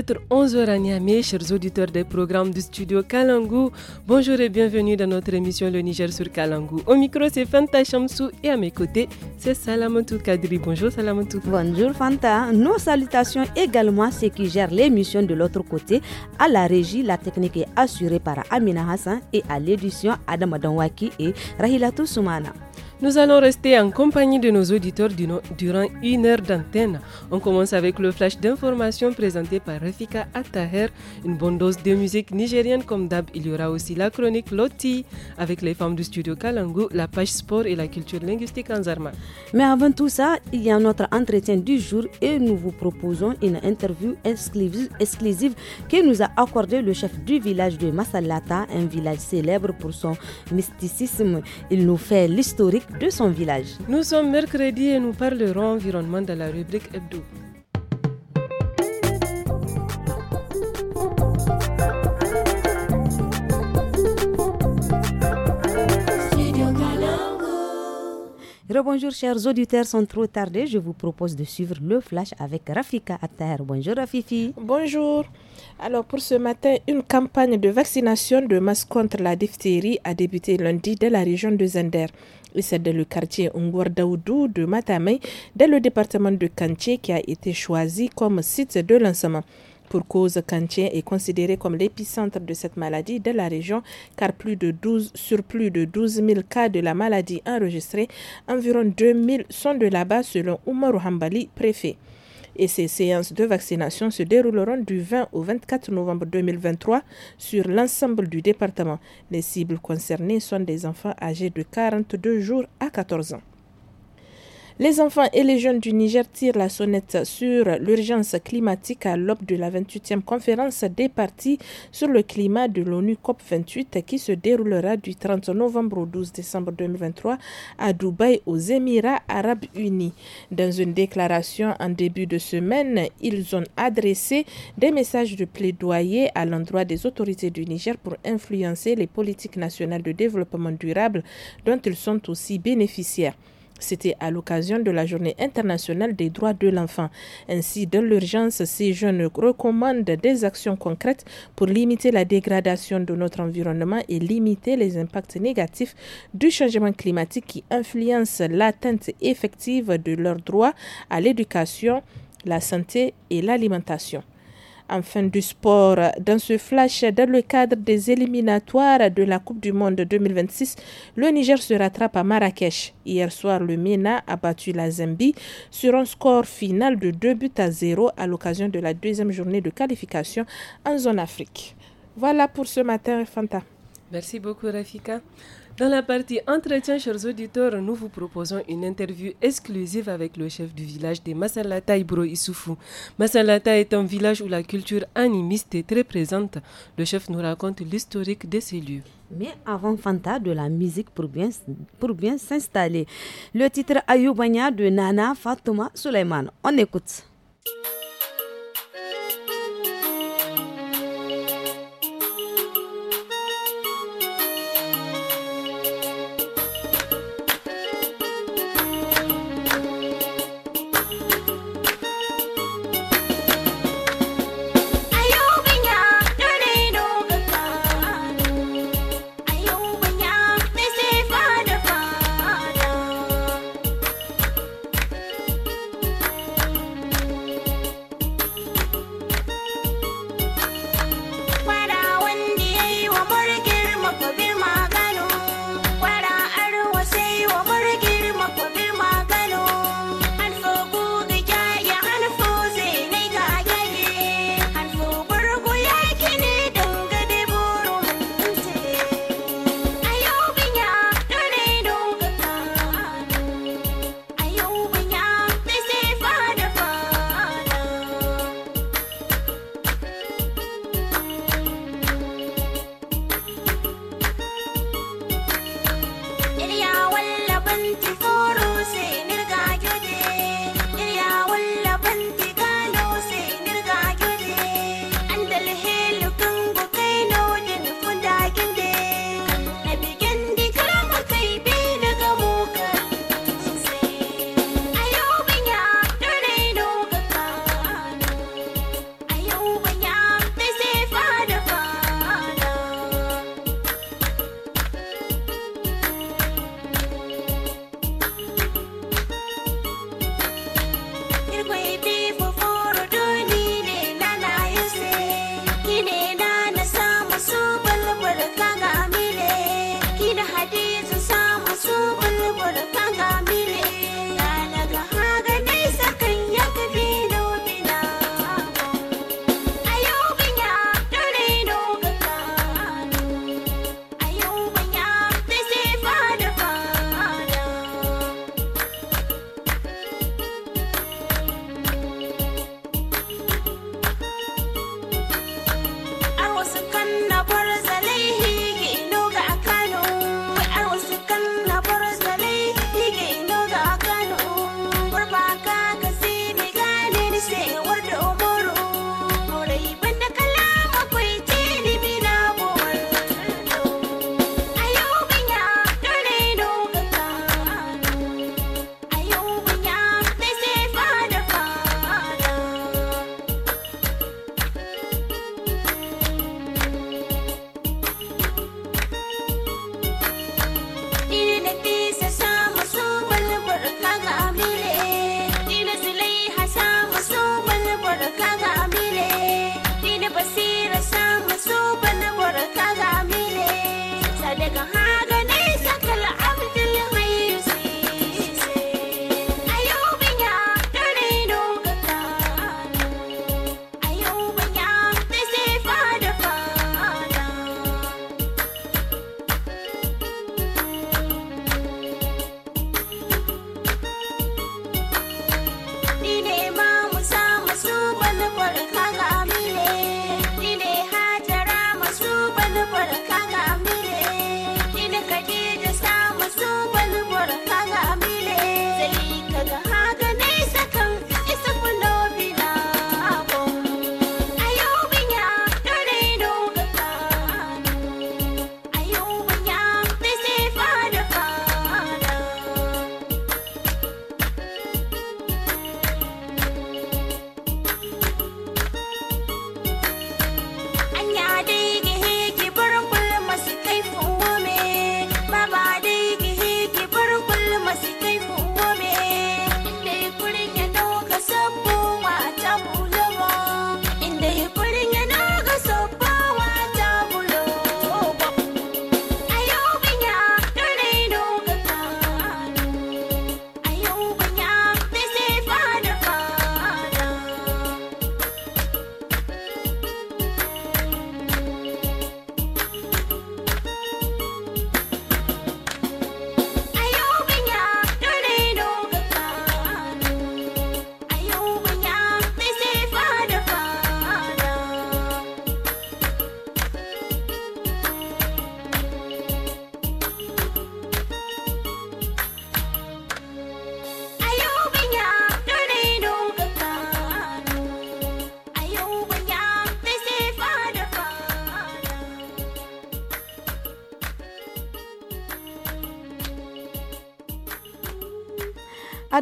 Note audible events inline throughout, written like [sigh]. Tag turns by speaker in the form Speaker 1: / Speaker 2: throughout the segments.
Speaker 1: 11h à Niamey, chers auditeurs des programmes du studio Kalangou. Bonjour et bienvenue dans notre émission Le Niger sur Kalangou. Au micro, c'est Fanta Chamsou et à mes côtés, c'est Salamantou
Speaker 2: Kadri. Bonjour Salamantou. Bonjour Fanta. Nos salutations également à ceux qui gèrent l'émission de l'autre côté. À la régie, la technique est assurée par Amina Hassan et à l'édition Adam Adonwaki et Rahilatou Soumana. Nous allons rester en compagnie de nos
Speaker 1: auditeurs durant une heure d'antenne. On commence avec le flash d'information présenté par Rafika Attaher, une bonne dose de musique nigérienne comme d'hab. Il y aura aussi la chronique Loti avec les femmes du studio Kalango, la page sport et la culture linguistique en Zarma.
Speaker 2: Mais avant tout ça, il y a notre entretien du jour et nous vous proposons une interview exclusive que nous a accordé le chef du village de Masalata, un village célèbre pour son mysticisme. Il nous fait l'historique de son village.
Speaker 1: Nous sommes mercredi et nous parlerons environnement dans la rubrique hebdo.
Speaker 2: Rebonjour chers auditeurs, sans trop tarder, je vous propose de suivre le flash avec Rafika terre. Bonjour Rafifi.
Speaker 3: Bonjour. Alors pour ce matin, une campagne de vaccination de masse contre la diphtérie a débuté lundi dans la région de Zender. Et c'est dans le quartier Ungwar de Matamey, dans le département de Kanché, qui a été choisi comme site de lancement. Pour cause, Kanché est considéré comme l'épicentre de cette maladie de la région, car plus de douze sur plus de 12 000 cas de la maladie enregistrés, environ 2 000 sont de là-bas, selon Oumarou Hambali, préfet et ces séances de vaccination se dérouleront du 20 au 24 novembre 2023 sur l'ensemble du département. Les cibles concernées sont des enfants âgés de 42 jours à 14 ans. Les enfants et les jeunes du Niger tirent la sonnette sur l'urgence climatique à l'aube de la 28e conférence des partis sur le climat de l'ONU COP28 qui se déroulera du 30 novembre au 12 décembre 2023 à Dubaï aux Émirats arabes unis. Dans une déclaration en début de semaine, ils ont adressé des messages de plaidoyer à l'endroit des autorités du Niger pour influencer les politiques nationales de développement durable dont ils sont aussi bénéficiaires. C'était à l'occasion de la Journée internationale des droits de l'enfant. Ainsi, dans l'urgence, ces jeunes recommandent des actions concrètes pour limiter la dégradation de notre environnement et limiter les impacts négatifs du changement climatique qui influence l'atteinte effective de leurs droits à l'éducation, la santé et l'alimentation fin du sport, dans ce flash, dans le cadre des éliminatoires de la Coupe du Monde 2026, le Niger se rattrape à Marrakech. Hier soir, le MENA a battu la Zambie sur un score final de 2 buts à 0 à l'occasion de la deuxième journée de qualification en zone Afrique. Voilà pour ce
Speaker 1: matin, Fanta. Merci beaucoup, Rafika. Dans la partie entretien, chers auditeurs, nous vous proposons une interview exclusive avec le chef du village des Masalata Ibro Issoufou. Masalata est un village où la culture animiste est très présente. Le chef nous raconte l'historique de ces lieux.
Speaker 2: Mais avant Fanta, de la musique pour bien, s'installer. Le titre Ayoubania de Nana Fatouma Suleiman. On écoute.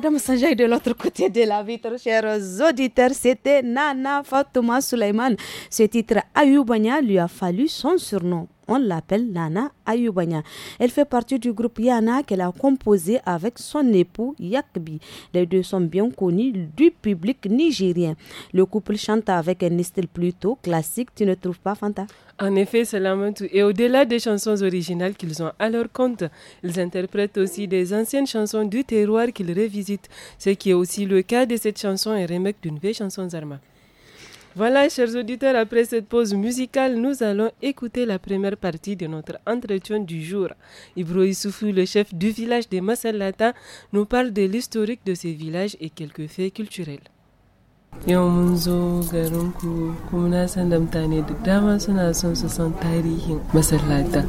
Speaker 2: Madame Sanjay de l'autre côté de la vitre, chers auditeurs, c'était Nana Fatouma Suleiman. Ce titre Ayoubania lui a fallu son surnom on l'appelle Nana Ayubanya. Elle fait partie du groupe Yana qu'elle a composé avec son époux Yakbi. Les deux sont bien connus du public nigérien. Le couple chante avec un style plutôt classique, tu ne trouves pas Fanta
Speaker 1: en effet, chose. Et au-delà des chansons originales qu'ils ont à leur compte, ils interprètent aussi des anciennes chansons du terroir qu'ils revisitent, ce qui est aussi le cas de cette chanson et remake d'une vieille chanson Zarma. Voilà, chers auditeurs, après cette pause musicale, nous allons écouter la première partie de notre entretien du jour. Ibro Issoufou, le chef du village des Masalata, nous parle de l'historique de ces villages et quelques faits culturels. yau mun zo garinku kuma na san da mutane da dama suna son su san tarihin masallata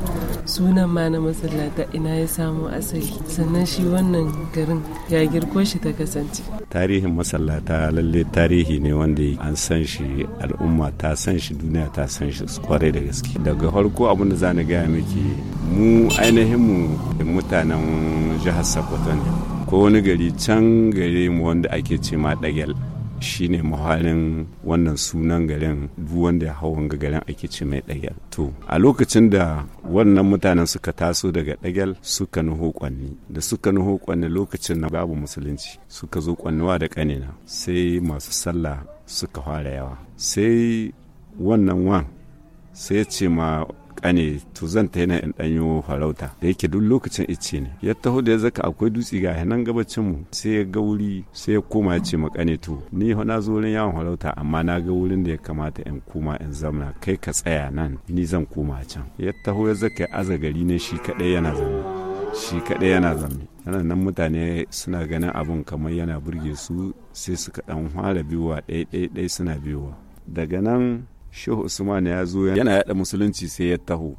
Speaker 1: sunan ma na masallata ina ya samu asali sannan shi wannan garin ya girko shi ta
Speaker 4: kasance
Speaker 5: tarihin masallata lalle tarihi ne wanda an san shi al'umma ta san shi duniya ta san shi kwarai da gaske daga farko abin da za ni gaya miki mu ainihin mu mutanen jihar sokoto ne ko wani gari can gari mu wanda ake ce ma dagel shine muhalin wannan sunan garin duk wanda ya hau wanga garin ake ce mai dagel to a lokacin da wannan mutanen suka taso daga dagel suka nuho kwanni da suka nuho kwanni lokacin na babu musulunci suka zo kwanniwa da kanina sai masu sallah suka fara yawa sai wannan wan sai ce ma ne to zan ta yana in ɗanyo farauta da yake duk lokacin ice ne ya taho da ya zaka akwai dutse ga nan gabacin mu sai ya ga wuri sai ya koma ya ce ma to ni na zo wurin yawon farauta amma na ga wurin da ya kamata in koma in zamna kai ka tsaya nan ni zan koma can ya taho ya zaka aza gari ne shi kaɗai yana zama shi kaɗai yana zama yana nan mutane suna ganin abun kamar yana burge su sai suka ɗan fara biyuwa ɗaya ɗaya suna biyuwa daga nan shehu usman ya zo yana yada musulunci sai ya taho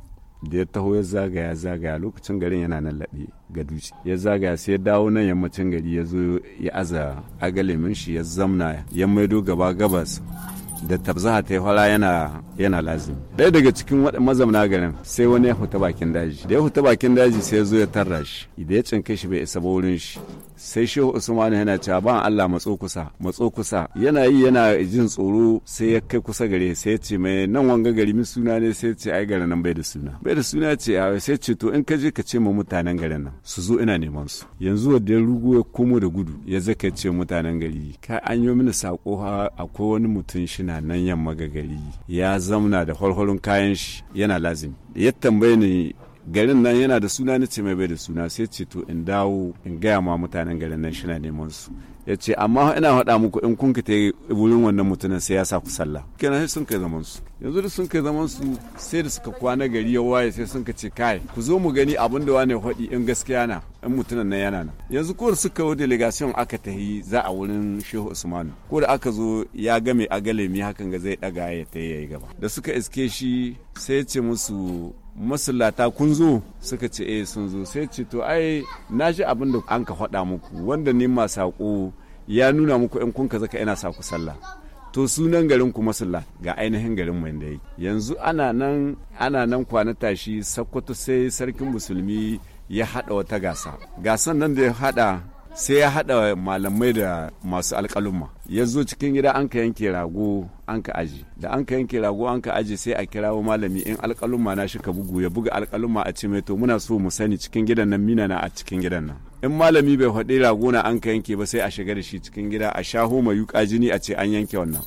Speaker 5: da ya taho ya zagaya zagaya lokacin garin yana nan laɓe ga duci ya zagaya sai ya dawo nan yammacin gari ya zo ya aza agalimin shi ya zamna ya maido gaba gabas da tabzaha ta yi yana yana lazim ɗaya daga cikin mazamna garin sai wani ya huta bakin daji da ya huta bakin daji sai ya zo ya tarra shi idan ya cinkai shi bai isa ba wurin shi sai shehu usman yana cewa ban allah matso kusa matso kusa yana yi yana jin tsoro sai ya kai kusa gare sai ya ce mai nan wanga gari mi suna ne sai ya ce ai garin nan bai da suna bai da suna ce a sai ce to in ka je ka ce ma mutanen garin nan su zo ina neman su yanzu wadda ya rugu ya komo da gudu ya zaka ce mutanen gari ka an yi mini sako ha akwai wani mutum shina nan yamma ga gari ya zamna da holholin kayan shi yana lazimi ya tambaye ni garin nan yana da suna na ce mai bai da suna sai ce to in dawo in gaya ma mutanen garin nan shi na neman su ya ce amma ina faɗa muku in kun ka wurin wannan mutumin sai ya sa ku sallah kenan sai sun kai zaman su yanzu da sun kai zaman su sai da suka kwana gari ya waye sai sun ka ce kai ku zo mu gani abin da wani faɗi in gaskiya na in mutumin nan yana nan yanzu ko da suka wa delegation aka tahi za a wurin Shehu Usmanu. ko da aka zo ya game agalemi hakan ga zai daga ya ta yi gaba da suka iske shi sai ya ce musu masallata kun zo suka ce eh sun zo sai ce to ai na ji abin da an ka faɗa muku wanda ne ma saƙo ya nuna muku in kun kaza ka ina sa ku sallah to sunan garin ku masalla ga ainihin garin mu da yanzu ana nan ana nan kwana tashi sakkwato sai sarkin musulmi ya hada wata gasa gasan nan da ya hada. sai ya haɗa malamai da masu alƙalumma ya zo cikin gida an ka yanke rago an ka aji da an ka yanke rago an ka aji sai a kirawo malami in alƙalumma na shi ka bugu ya buga alƙalumma a ce to muna so mu sani cikin gidan nan mina na a cikin gidan nan in malami bai faɗi rago na an ka yanke ba sai a shiga da shi cikin gida a shaho mai yuƙa jini a ce an yanke wannan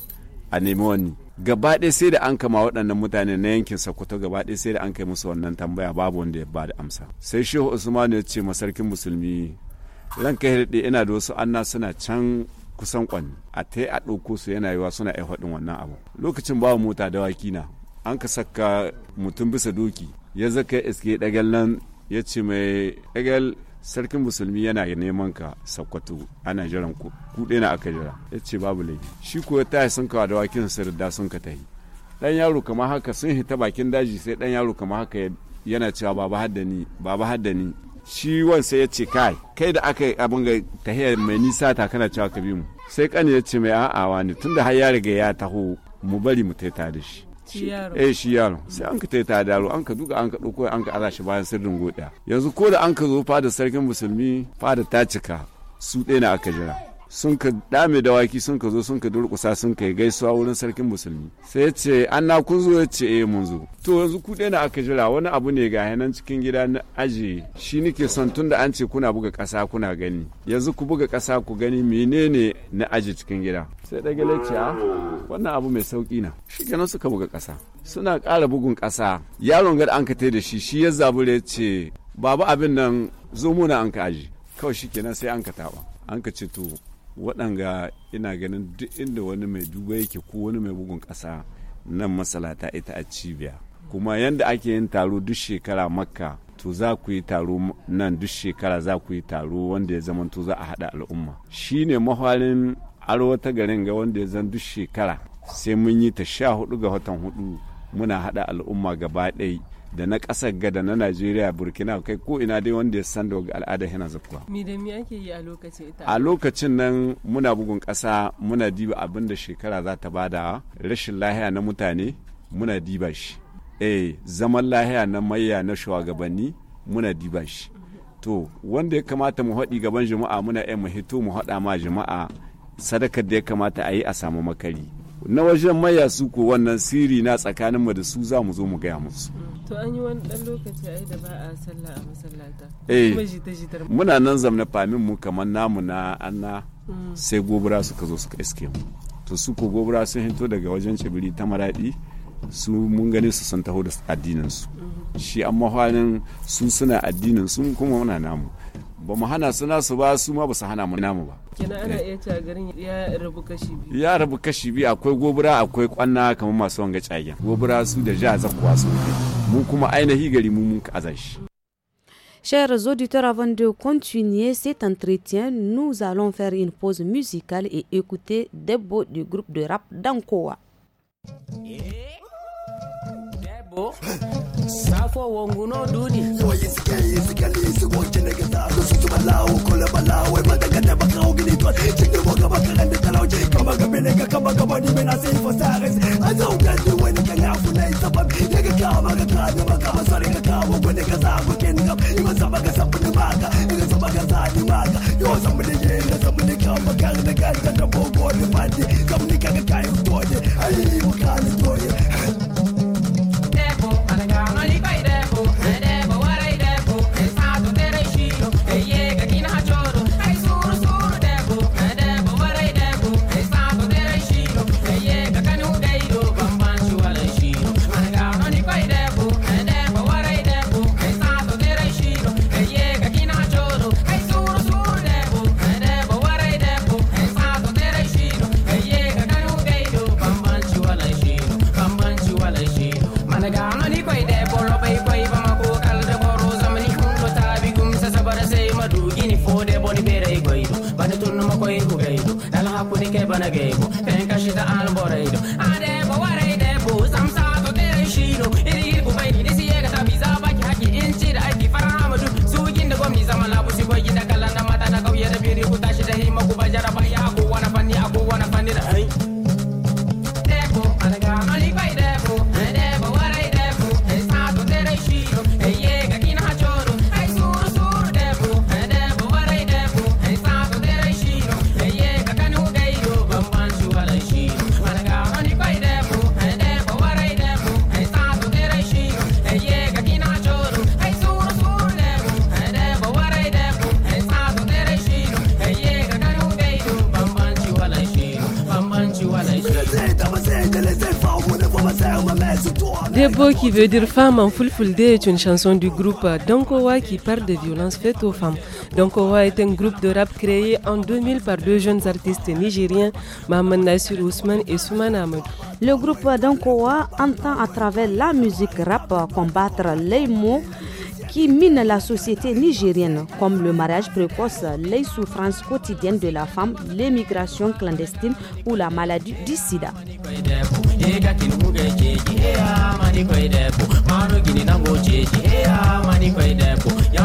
Speaker 5: a nemi wani gaba sai da an kama waɗannan mutane na yankin sakkwato gaba ɗaya sai da an kai musu wannan tambaya babu wanda ya ba da amsa sai shehu usman ya ce masarkin musulmi ranka ya daɗe ina da wasu anna suna can kusan kwan a ta a ɗauko su yana yiwa suna ya faɗin wannan abu lokacin babu mota dawaki na an ka saka mutum bisa doki ya zaka iske ɗagal nan ya ce mai ɗagal sarkin musulmi yana neman ka sakwato ana jiran kuɗe na aka jira ya ce babu laifi shi ko ta sun kawa dawakin su da sun ka tahi ɗan yaro kama haka sun hita bakin daji sai ɗan yaro kama haka yana cewa baba haddani baba haddani shi wansa ya ce kai kai da aka abin ga tahiyar mai nisa ta kana cewa ka bi mu sai kan ya ce mai a'awa ne tunda har ya riga ya taho mu bari mu taita da shi eh shi yaro sai an ka taita da yaro an ka duka an ka dauko an ka aza shi bayan sirrin goda yanzu ko da an ka zo fada sarkin musulmi fada ta cika su ɗaya na aka jira sun ka dame dawaki sun ka zo sun ka durkusa sun ka gaisuwa wurin sarkin musulmi sai ya ce an na kun zo ya ce eh mun zo to yanzu ku na aka jira wani abu ne ga nan cikin gida na aji shi nake son tun da an ce kuna buga ƙasa kuna gani yanzu ku buga ƙasa ku gani menene na aji cikin gida sai ɗage a ah, wannan abu mai sauƙi na shi kenan suka buga ƙasa suna ƙara bugun ƙasa yaron gar an ka da shi shi ya zabure ce babu abin nan zo muna an ka aji kawai shi kenan sai an ka taɓa an ka ce to waɗanga ina ganin duk inda wani mai duba yake ko wani mai bugun ƙasa nan masalata ita a cibiya kuma yadda ake yin taro duk shekara makka to za ku yi taro nan duk shekara za ku yi taro wanda ya zama to za a haɗa al'umma shi ne mahwalin arewa ta garin ga wanda ya zan duk shekara sai mun yi ta sha hudu ga watan hudu muna haɗa al'umma gaba ɗaya da na ƙasar gada na Najeriya Burkina kai ko ina dai wanda ya san da al'ada yana zakkuwa.
Speaker 1: Me da me ake yi a lokacin ita? A
Speaker 5: lokacin nan muna bugun ƙasa muna diba abin da shekara za ta bada rashin lahiya na mutane muna diba shi. Eh zaman lahiya na mayya na shugabanni muna diba shi. To wanda ya kamata mu haɗi gaban jama'a muna ƴan mu hito mu haɗa ma jama'a sadakar da ya kamata a yi a samu makari. Na wajen mayya su ko wannan siri na tsakaninmu da su za mu zo mu gaya musu.
Speaker 1: to an yi wani dan lokaci ai da ba a sallah a masallata eh. kuma muna
Speaker 5: nan zamna famin mu kamar namu na anna mm. sai gobara suka zo suka iske mu to su ko gobara sun hito daga wajen cibiri ta maradi su mun gani su sun taho da addinin su mm-hmm. shi amma halin sun suna addinin su kuma muna namu ba mu hana su nasu ba su ma ba su hana mu namu ba
Speaker 1: kenan ana eh. iya cewa garin ya rabu kashi biyu
Speaker 5: ya rabu kashi biyu akwai gobura akwai kwanna kamar masu wanga cagen gobura su da ja zakuwa su mu kuma ainihi gari mu mun kaza shi
Speaker 2: Chers auditeurs, avant de continuer cet entretien, nous allons faire une pause musicale et écouter Debo du groupe de rap Dankoa. Yeah.
Speaker 6: Debo. [laughs] Safo wongu no dudi.
Speaker 4: Oye sikali sikali siko chene kata to situ balao kola balao e mata kata baka ogini to chene boga baka kanda talao je kama kabene kama kama ni mena sei sares. Azo ukandu wena kanga funa isabab yaga kama ka kana masari ka kawo kwene ka zago ken ka ima sabaka ima sabaka zadi baka yo sabaka je na kama kanga kanda bogo ni pandi kamni kanga kai to je ai mukani to
Speaker 1: qui veut dire femme en full full day est une chanson du groupe Donkowa qui parle de violences faites aux femmes. Donkowa est un groupe de rap créé en 2000 par deux jeunes
Speaker 2: artistes nigériens, Maman Nassir Ousmane et Souman Ahmed. Le groupe Donkowa entend à travers la musique rap combattre les mots qui minent la société nigérienne, comme le mariage précoce, les souffrances quotidiennes de la femme, l'émigration clandestine ou la maladie du sida.
Speaker 6: debu ega kin kuge keji e amani koi debu maro gini nango jeji e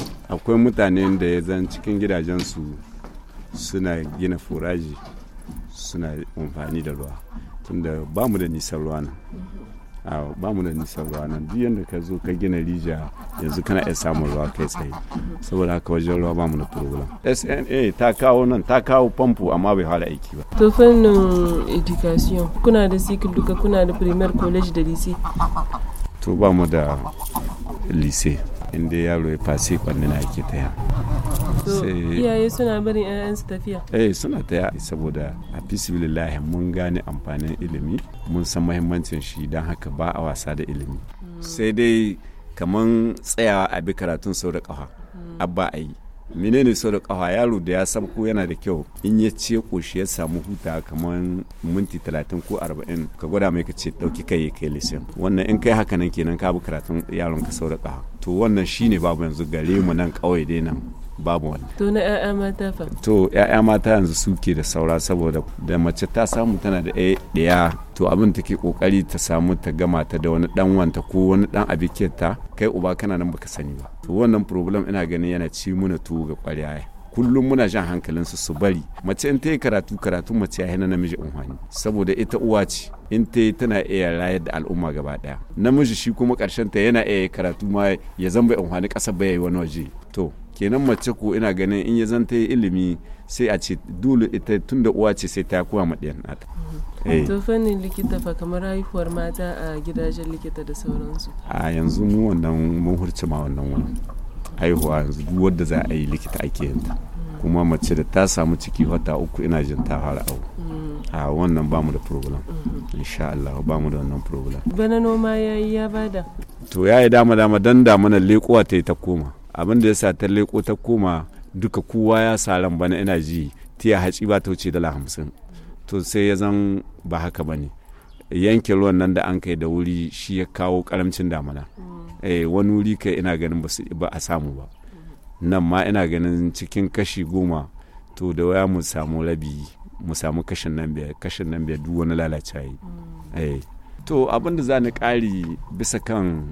Speaker 5: akwai mutane da ya zan cikin gidajensu suna gina furaji suna amfani da ruwa tunda ba mu da nisan ruwa nan ba mu da nisan ruwa nan duk yadda ka zo ka gina rija yanzu kana iya samun ruwa kai tsaye saboda haka wajen ruwa ba mu da problem sna ta kawo nan ta kawo famfo amma bai fara aiki ba
Speaker 1: to fannin education kuna da sikil duka kuna da primary college da lise
Speaker 5: to ba mu da lise inda yaro ya fasi kwanne na ake taya
Speaker 1: iyaye suna barin 'ya'yansu tafiya
Speaker 5: eh suna taya saboda a fisibilillahi mun gane amfanin ilimi mun san mahimmancin shi don haka ba a wasa da ilimi hmm. sai dai kamar tsayawa a bi karatun sau da ƙafa hmm. abba a yi menene sau da kawa yaro da ya san ko yana da kyau in ya ce koshi ya samu huta kamar minti talatin ko arba'in ka gwada mai ka ce dauki kai kai lisin wannan in kai haka nan kenan ka bi karatun yaron ka sau da to wannan shine babu yanzu gare mu nan kawai dai nan babu wani
Speaker 1: to na ƴaƴa mata fa
Speaker 5: to ƴaƴa mata yanzu suke da saura saboda da mace ta samu tana da ɗaya to abin take kokari ta samu ta gama ta da wani dan wanta ko wani dan ta kai uba kana nan baka sani ba to wannan problem ina ganin yana ci muna tuwo ga ƙwarya kullum muna jan hankalin su su bari mace in ta yi karatu karatu mace ya na namiji unhwani saboda ita uwa ce in ta yi tana iya rayar da al'umma gaba daya namiji shi kuma karshen ta yana iya karatu ma ya zamba unhwani ƙasa bai yi wani waje to kenan mace ko ina ganin in ya zanta ilimi sai a ce dole ita tun da uwa ce sai ta kuwa ma ɗiyan nata. to
Speaker 1: eh. fannin likita fa kamar haihuwar mata a gidajen likita da
Speaker 5: sauransu. a yanzu mu wannan mun hurci ma wannan wani haihuwa yanzu duk wadda za a yi likita ake yin ta kuma mace da ta samu ciki wata uku ina jin ta fara abu mm. a wannan ba mu da problem mm-hmm. insha Allah ba mu da wannan problem
Speaker 1: bana noma ya yi ya bada
Speaker 5: to ya yi dama dama dan da mana lekuwa ta yi ta koma abin da ya sa ta leko ta koma duka kowa ya sa ran bana ina ji tiya hatsi ba ta wuce dala hamsin to sai ya zan ba haka ba ne yanke ruwan nan da an kai da wuri shi ya kawo karamcin damana mm. eh, wani wuri kai ina ganin ba a samu ba nan ma ina ganin cikin kashi goma to da waya mu samu rabi mu samu kashin nan biyar kashin nan biyar duk wani lalace yi mm. eh, to abin da za ni kari bisa kan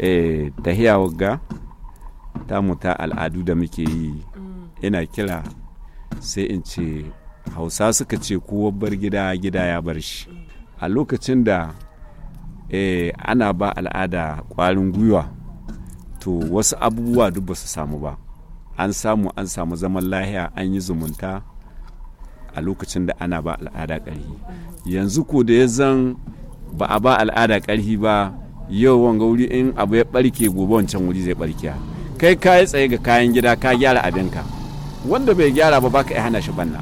Speaker 5: eh tahiya wagga tamu ta al'adu da muke yi mm. ina kira sai in ce hausa suka ce kowa bar gida gida ya bar shi mm. a lokacin da eh, ana ba al'ada kwarin gwiwa to wasu abubuwa duk ba su samu ba an samu an samu zaman lahiya an yi zumunta a lokacin da ana ba al'ada ƙarfi mm. yanzu ko da ya zan ba a ba al'ada ƙarfi ba yau wanga wuri in abu ya ɓarke gobe wancan wuri zai ɓarkiya. kai ka yi tsaye ga kayan gida ka gyara abinka wanda bai gyara ba baka hana shi banna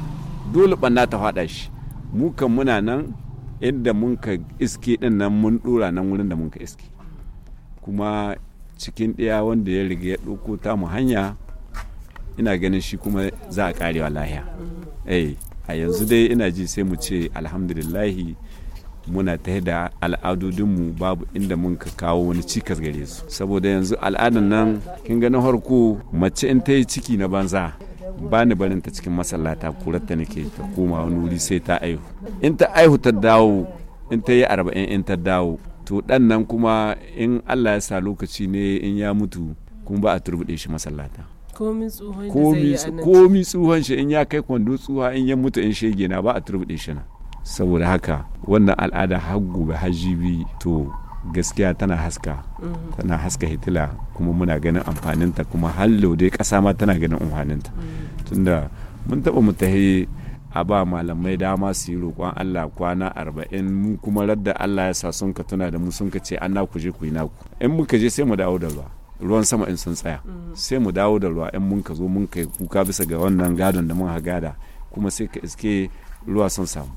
Speaker 5: dole banna ta faɗa shi mu muna nan inda mun ka iske din nan mun dura nan wurin da mun ka iske kuma cikin ɗaya wanda ya riga ya ɗauko ta mu hanya ina ganin shi kuma za a karewa lahiya eh, a yanzu dai ina ji sai mu ce alhamdulillahi muna ta da al'adudinmu babu inda mun ka kawo wani cikas gare su saboda yanzu al'adan nan kin ga na harko mace in ta yi ciki na banza ba ni barin ta cikin masallata kurarta nake ta koma wani wuri sai ta aihu in ta aihu ta dawo in ta yi arba'in in ta dawo to dan nan kuma in allah ya sa lokaci ne in ya mutu kuma ba a turbuɗe shi masallata komi tsuhon shi in ya kai kwando tsuha in ya mutu in shege na ba a turbuɗe shi na saboda haka wannan al'ada har ba har jibi to gaskiya tana haska mm-hmm. tana haska hitila kuma muna ganin amfaninta kuma hallo dai kasa ma tana ganin amfaninta mm-hmm. tunda mun taba mu tahi a ba malamai dama su yi roƙon Allah kwana arba'in mu kuma radda Allah ya sa sun ka tuna da mu sun ka ce an na ku je ku yi naku in muka je sai mu dawo da ruwa ruwan sama in sun tsaya mm-hmm. sai mu dawo da ruwa in mun ka zo mun kai kuka bisa ga wannan gadon da mun ha gada kuma sai ka iske ruwa sun samu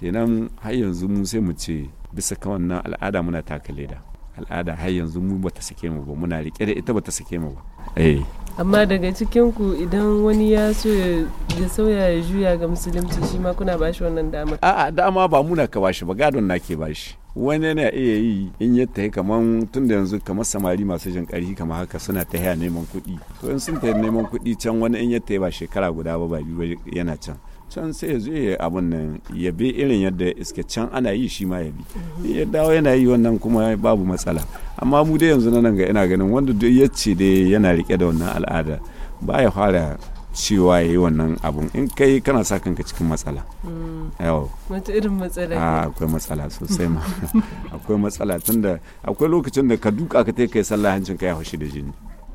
Speaker 5: kenan har yanzu mu sai mu ce bisa ka wannan al'ada muna taka leda al'ada har yanzu mu bata sake mu ba muna rike da ita bata sake mu ba eh
Speaker 1: amma daga cikin ku idan wani ya so ya sauya ya juya ga musulunci shi ma kuna shi wannan damar
Speaker 5: a'a dama ba muna ka bashi ba gadon nake bashi wani yana iya yi in ya tahi kaman tun da yanzu kamar samari masu jin ƙarfi kamar haka suna ta haya neman kuɗi to in sun ta neman kuɗi can wani in ya tahi ba shekara guda ba ba biyu yana can can sai ya zo ya abun nan ya bi irin yadda iske can ana yi shi ma ya bi ya dawo yana yi wannan kuma babu matsala amma mu dai yanzu nan ga ina ganin wanda duk ya ce dai yana rike da wannan al'ada ba ya fara cewa ya yi wannan abun in kai kana sa kanka cikin matsala mm. yau
Speaker 1: wata irin ah,
Speaker 5: akwai matsala sosai ma [laughs] [laughs] akwai matsala tunda akwai lokacin da ka duka ka ta kai sallah hancin ka ya haushi da jini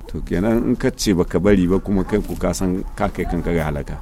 Speaker 5: to kenan in ka ce baka bari ba kuma kai ku ka san ka kai kanka ga halaka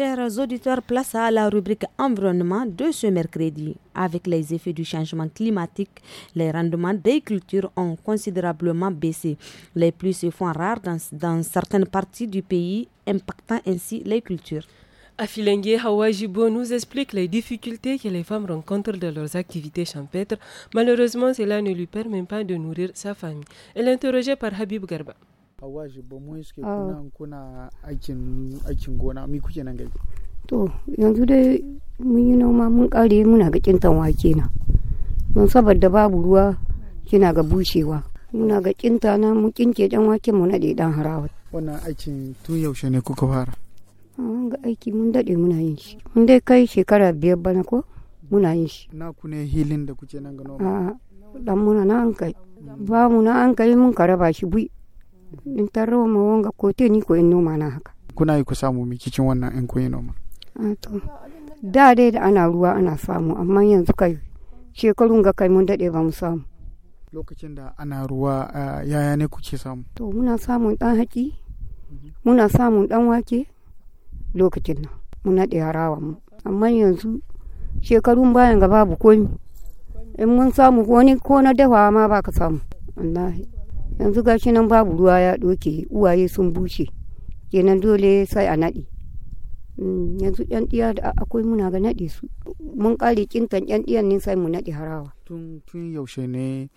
Speaker 2: Chers auditeurs, place à la rubrique environnement de ce mercredi. Avec les effets du changement climatique, les rendements des cultures ont considérablement baissé. Les pluies se font rares dans, certaines parties du pays, impactant ainsi les cultures.
Speaker 1: Afilengue Hawajibo nous explique les difficultés que les femmes rencontrent dans leurs activités champêtres. Malheureusement, cela ne lui permet pas de nourrir sa famille. Elle est interrogée par Habib Garba.
Speaker 7: Hawaji ba mu suke ah. kuna kuna aikin aikin gona mi kuke nan gari.
Speaker 8: To yanzu dai mun yi noma mun kare muna ga kintan wake na. Don saboda babu ruwa kina ga bushewa. Muna ga kinta na mun kinke dan wake mu nade dan harawa.
Speaker 7: Wannan aikin tun yaushe ne kuka fara?
Speaker 8: Ah, mun ga aiki mun dade muna yin shi. Mun dai kai shekara biyar bana ko? muna yin shi.
Speaker 7: Na ku ne hilin da kuke nan ga noma?
Speaker 8: A'a, dan muna na an kai. Ba mu na an kai mun ka raba shi bui. in ta roma wanga ko te ni ko in noma na haka kuna yi ku samu mikicin wannan in kun yi noma to da dai da ana ruwa ana samu amma yanzu kai shekarun ga kai mun dade ba mu samu
Speaker 7: lokacin da ana ruwa yaya ne kuke samu
Speaker 8: to muna samun dan haki muna samun dan wake lokacin nan muna da harawa mu amma yanzu shekarun bayan ga babu komi in mun samu wani ko na dafa ma ba ka samu wallahi yanzu gashi nan babu ruwa ya doke uwaye sun bushe kenan dole sai a nadi mm, yanzu yan diya da akwai muna ga naɗe su mun ƙare kintan yan diyan ne sai mu naɗe harawa tun
Speaker 7: tun yaushe ne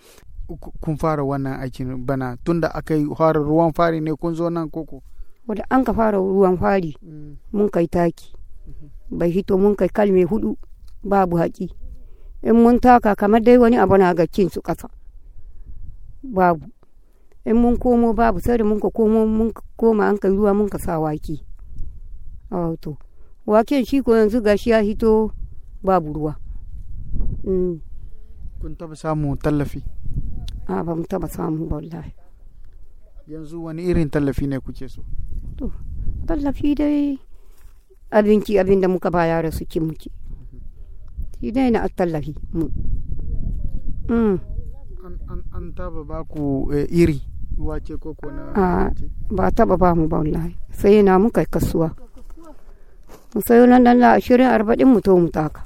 Speaker 7: kun fara wannan aikin bana tun da aka yi fara ruwan fari ne kun zo nan koko
Speaker 8: wanda an ka fara ruwan fari mm. mun kai taki mhm. bai hito mun kai kalme hudu babu haƙi in mun taka kamar dai wani abu na ga kin su ƙasa babu in mun komo babu sai da mun ka komo mun koma an kai ruwa mun ka sa wake a oh, to waken shi ko yanzu gashi ya hito babu ruwa mm. kun
Speaker 7: taba samu tallafi
Speaker 8: a ba mu taba samu wallahi
Speaker 7: yanzu wani irin tallafi ne kuke so
Speaker 8: to tallafi dai abinci abin da muka baya da su ci muke shi dai na tallafi mu mm.
Speaker 7: an taba ba ku eh, iri wace koko na ah, a ba taba ba mu ba wallahi
Speaker 8: sai na muka kasuwa sai sayo nan dan ashirin arba'in mu to mu taka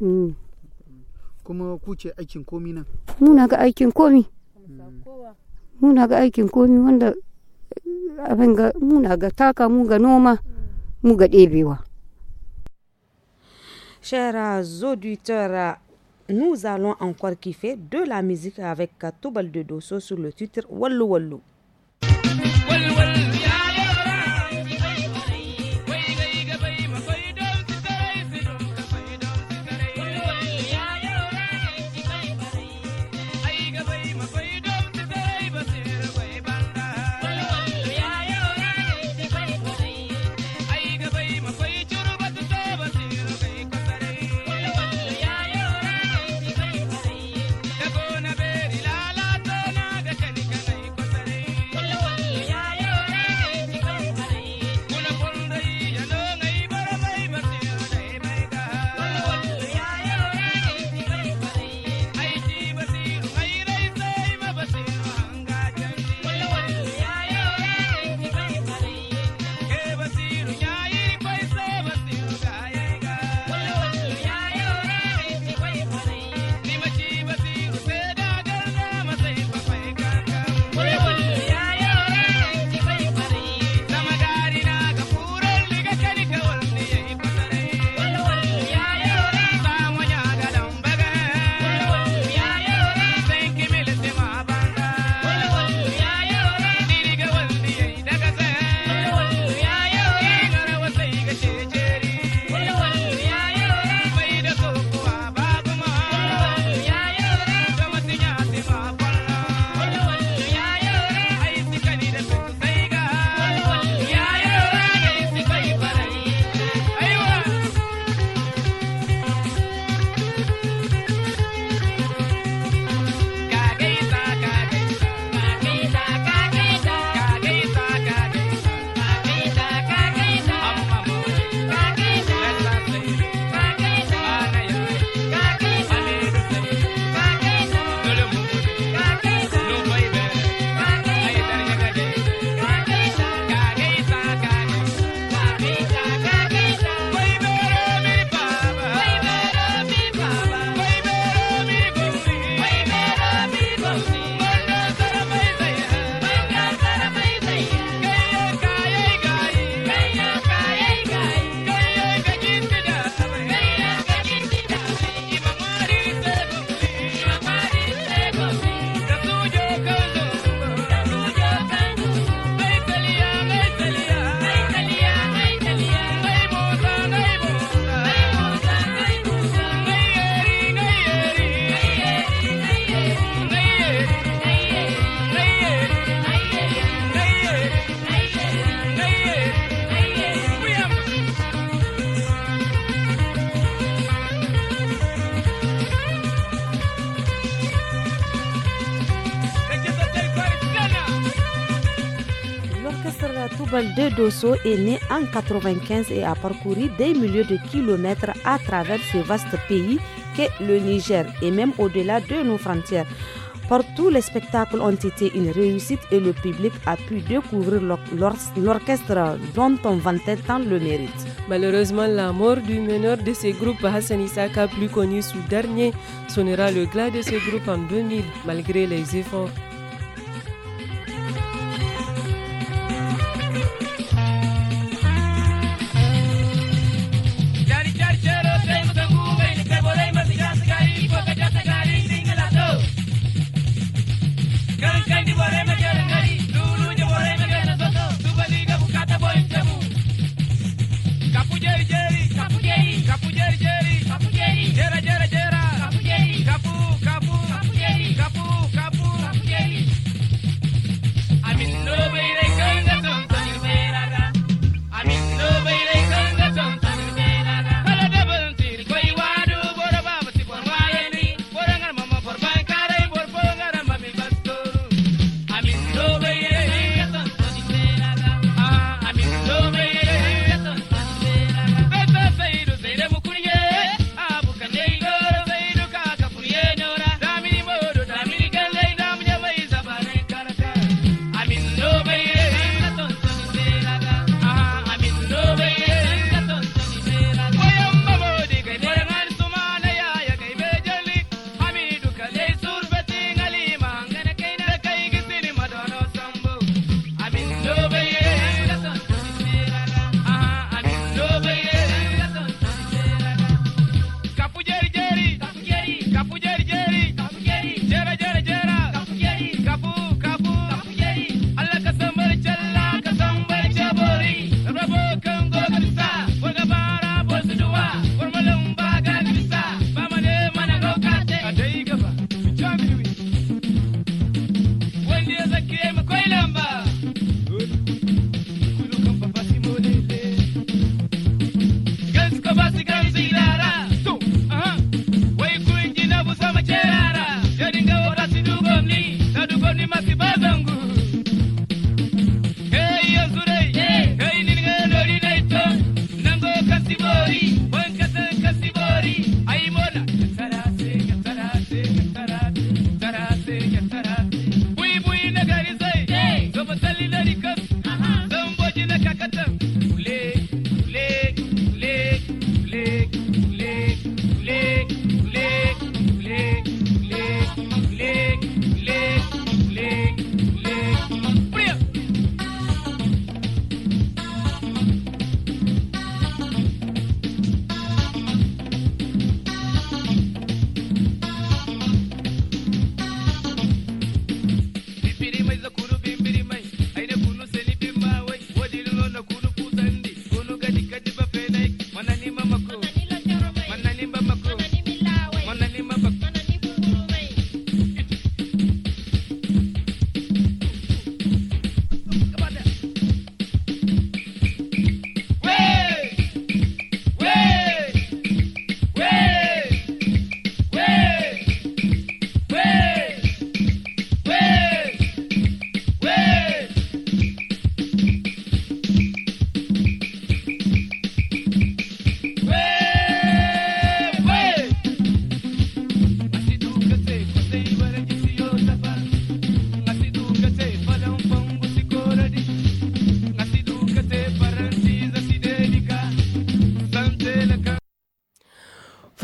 Speaker 8: mm.
Speaker 7: kuma ku ce aikin komi nan
Speaker 8: muna ga aikin komi muna ga aikin komi wanda abin ga muna ga taka mu ga noma mu ga ɗebewa
Speaker 2: chers auditeurs nous allons encore kiffer de la musique avec Katoubal de Dosso sur le titre Wallou Wallou. Dosso est né en 1995 et a parcouru des milliers de kilomètres à travers ce vaste pays qu'est le Niger et même au-delà de nos frontières. Partout, les spectacles ont été une réussite et le public a pu découvrir l'orchestre dont on vantait tant le mérite.
Speaker 1: Malheureusement, la mort du meneur de ce groupe, Hassan Isaka, plus connu sous dernier, sonnera le glas de ce groupe en 2000, malgré les efforts.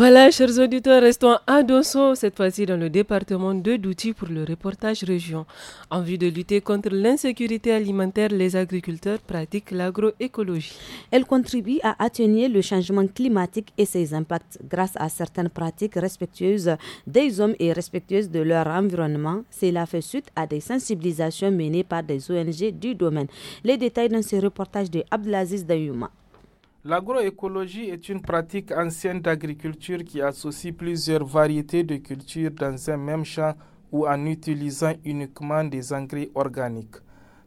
Speaker 1: Voilà, chers auditeurs, restons à Dosso, cette fois-ci dans le département de Douti pour le reportage région. En vue de lutter contre l'insécurité alimentaire, les
Speaker 2: agriculteurs pratiquent l'agroécologie. Elle contribue à atténuer le changement climatique et ses impacts grâce à certaines pratiques respectueuses des hommes et respectueuses de leur environnement. Cela fait suite à des sensibilisations menées par des ONG du domaine. Les détails dans ce reportage de Abdelaziz Dayouma.
Speaker 9: L'agroécologie est une pratique ancienne d'agriculture qui associe plusieurs variétés de cultures dans un même champ ou en utilisant uniquement des engrais organiques.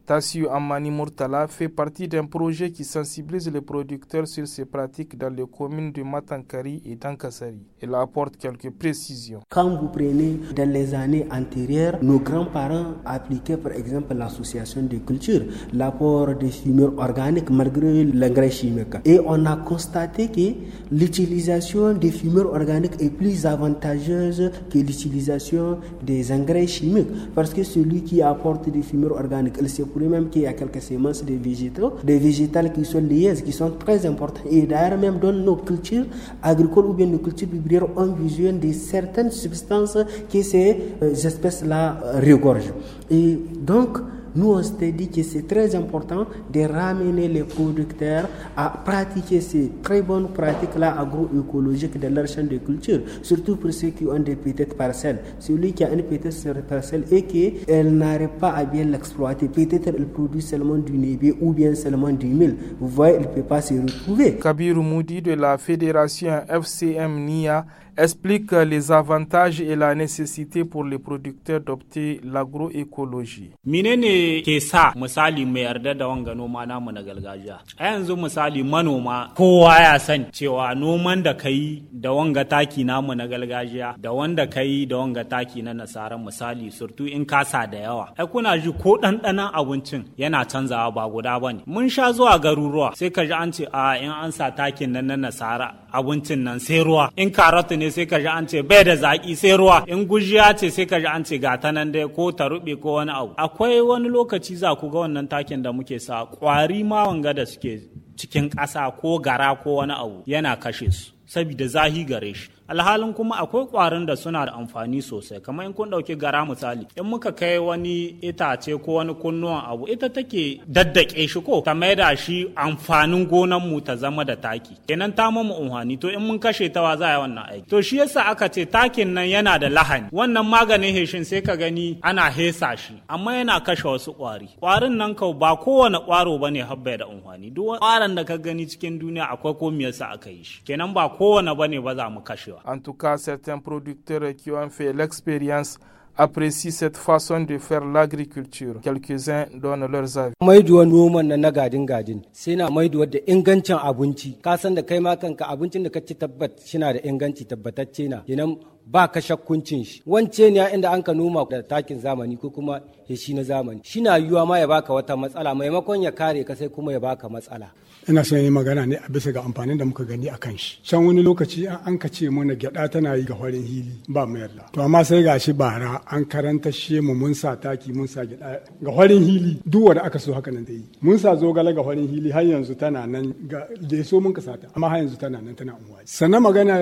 Speaker 9: Tassiu Ammani Murtala fait partie d'un projet qui sensibilise les producteurs sur ces pratiques dans les communes de Matankari et d'Ankassari. Elle apporte quelques précisions.
Speaker 4: Quand vous prenez dans les années antérieures, nos grands-parents appliquaient par exemple l'association des cultures, l'apport des fumeurs organiques malgré l'engrais chimique. Et on a constaté que l'utilisation des fumeurs organiques est plus avantageuse que l'utilisation des engrais chimiques parce que celui qui apporte des fumeurs organiques, il même qu'il y a quelques semences de végétaux, des végétales qui sont liées, qui sont très importants Et d'ailleurs, même dans nos cultures agricoles ou bien nos cultures biblières, on besoin de certaines substances que ces euh, espèces-là euh, regorgent. Et donc, nous on s'était dit que c'est très important de ramener les producteurs à pratiquer ces très bonnes pratiques-là agroécologiques de leur chaîne de culture, surtout pour ceux qui ont des petites parcelles. Celui qui a une petite parcelle et qu'elle n'arrive pas à bien l'exploiter, peut-être elle produit seulement du nébé ou bien seulement du mille. Vous voyez, il ne peut pas se retrouver.
Speaker 9: Kabir Moudi de la fédération FCM NIA explique les avantages et la nécessité pour les producteurs d'opter l'agroécologie.
Speaker 10: Menene ke sa misali mai yarda da wanga noma namu na gargajiya? A yanzu misali manoma kowa ya san cewa noman da kai da wanga taki namu na gargajiya da wanda kai da wanga taki na nasara misali surtu in kasa da yawa. Ai kuna ji ko ɗanɗanon abincin yana canzawa ba guda bane. Mun sha zuwa garuruwa sai ka ji an ce a in an sa takin nan na nasara abincin nan sai ruwa in karatu ne sai ka ji an ce bai da zaki sai ruwa in gujiya ce sai ka ji an ce ga ta nan dai ko ta rube ko wani abu akwai wani lokaci za ku ga wannan takin da muke sa kwari ma wanga da suke cikin ƙasa ko gara ko wani abu yana kashe su saboda zahi gare shi alhalin kuma akwai kwarin da suna da amfani sosai kamar in kun ɗauki gara misali in muka kai wani itace ko wani kunnuwan abu ita take daddake shi ko ta maida shi amfanin gonan mu ta zama da taki kenan ta mu amfani to in mun kashe ta wa za a yi wannan aiki to shi yasa aka ce takin nan yana da lahani wannan maganin heshin sai ka gani ana hesa shi amma yana kashe wasu kwari kwarin nan kau ba kowane kwaro ba ne habbai da amfani duk ƙwaron da ka gani cikin duniya akwai ko me yasa aka yi shi kenan ba
Speaker 9: kowane ba ne ba za mu kashe En tout cas, certains producteurs qui ont fait l'expérience apprécient cette façon de faire l'agriculture. Quelques-uns donnent leurs avis.
Speaker 4: Maiduwa noman na na gadin gadin sai na maiduwa da ingancin abinci. Ka san da kai ma kanka abincin da kace tabbat shina da inganci tabbatacce na. Kenan ba ka shakkuncin shi. Wance ne inda an ka noma da takin zamani ko kuma ya shi na zamani. shi na yiwuwa ma ya baka wata matsala maimakon ya kare ka sai kuma ya baka matsala.
Speaker 11: ina son yi magana ne a bisa ga amfanin da muka gani a kan shi can wani lokaci an ka ce mana gyada tana yi ga farin hili ba mu yarda to amma sai ga shi bara an karanta shi mu mun sa taki mun sa gyada ga farin hili duk wanda aka so haka nan da yi mun sa zogale ga farin hili har yanzu tana nan ga so mun ka sata amma har yanzu tana nan tana unwa sannan magana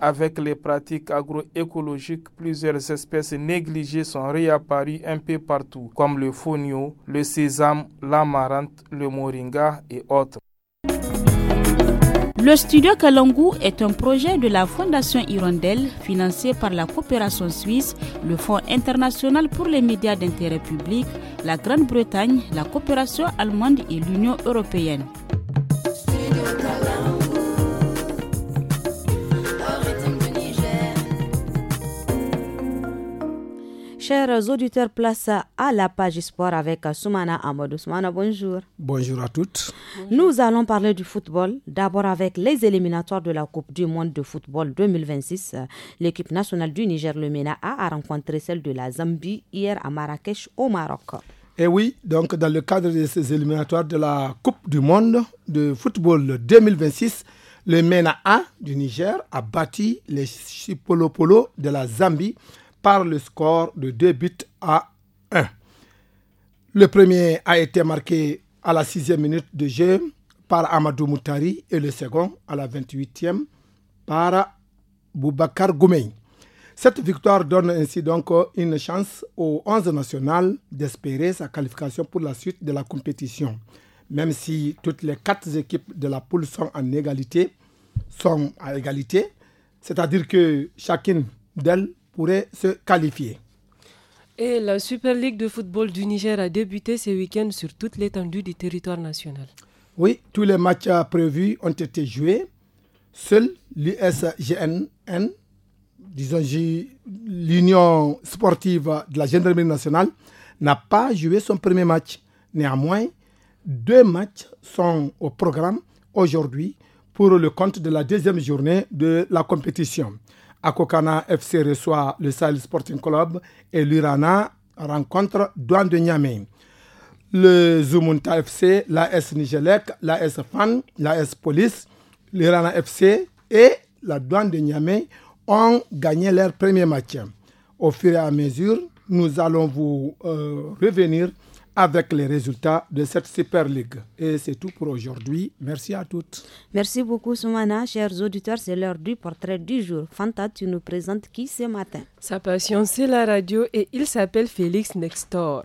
Speaker 9: Avec les pratiques agroécologiques, plusieurs espèces négligées sont réapparues un peu partout, comme le fonio, le sésame, l'amarante, le moringa et autres.
Speaker 2: Le studio Kalangu est un projet de la Fondation Hirondelle financé par la coopération suisse, le Fonds international pour les médias d'intérêt public, la Grande-Bretagne, la coopération allemande et l'Union européenne. Chers auditeurs, place à la page sport avec Soumana Amadou. Soumana, bonjour. Bonjour à toutes. Nous allons parler du football, d'abord avec les éliminatoires de la Coupe du monde de football 2026. L'équipe nationale du Niger, le MENA, a rencontré celle de la Zambie hier à Marrakech, au Maroc.
Speaker 11: Et eh oui, donc dans le cadre de ces éliminatoires de la Coupe du Monde de football 2026, le MENA A du Niger a battu les Chipolopolo de la Zambie par le score de 2 buts à 1. Le premier a été marqué à la sixième minute de jeu par Amadou Moutari et le second à la 28e par Boubacar Goumeï. Cette victoire donne ainsi donc euh, une chance aux 11 nationales d'espérer sa qualification pour la suite de la compétition. Même si toutes les quatre équipes de la poule sont en égalité, sont à égalité, c'est-à-dire que chacune d'elles pourrait se qualifier.
Speaker 1: Et la Super League de football du Niger a débuté ce week-end sur toute l'étendue du territoire national.
Speaker 11: Oui, tous les matchs euh, prévus ont été joués. Seul l'USGNN disons, l'Union sportive de la gendarmerie nationale n'a pas joué son premier match. Néanmoins, deux matchs sont au programme aujourd'hui pour le compte de la deuxième journée de la compétition. Akokana FC reçoit le Sahel Sporting Club et l'Urana rencontre Douane de Niamey. Le Zumunta FC, la l'AS la s Fan, la s Police, l'Urana FC et la Douane de Niamey ont gagné leur premier match. Au fur et à mesure, nous allons vous euh, revenir avec les résultats de cette Super League. Et c'est tout pour aujourd'hui. Merci à toutes.
Speaker 2: Merci beaucoup, Soumana. Chers auditeurs, c'est l'heure du portrait du jour. Fanta, tu nous présentes qui ce matin Sa passion, c'est la radio et il
Speaker 1: s'appelle Félix Nextor.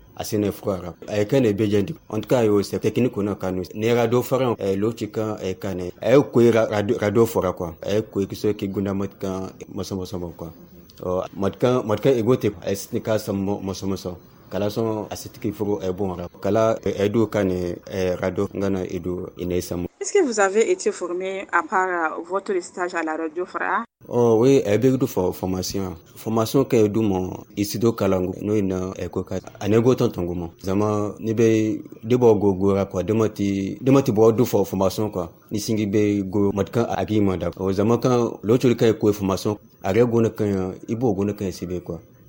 Speaker 12: a sene eh, furara ay kan e bejendi en tout cas technique ona kanu ne radio fara e eh, lo chika e kane radio fora quoi ay ko kiso ki gunda mat kan moso moso quoi oh, matkan matkan egote ay sne ka sam moso moso kalason a sitiki e bon kala e edu kane e rado ngana edu ine samu
Speaker 6: Est-ce que vous avez été formé à part euh, votre stage à la radio Fra
Speaker 12: Oh oui, e be du formation. Formation ke du mon isido kalango no ina e ko ka anego ton tongo mo. Zama ni be de bo go go rap quoi demati demati bo du formation quoi. Ni singi be go matka agi manda. O zama kan lo chul ka e ko formation. Are go na kan ibo go na kan sibe quoi.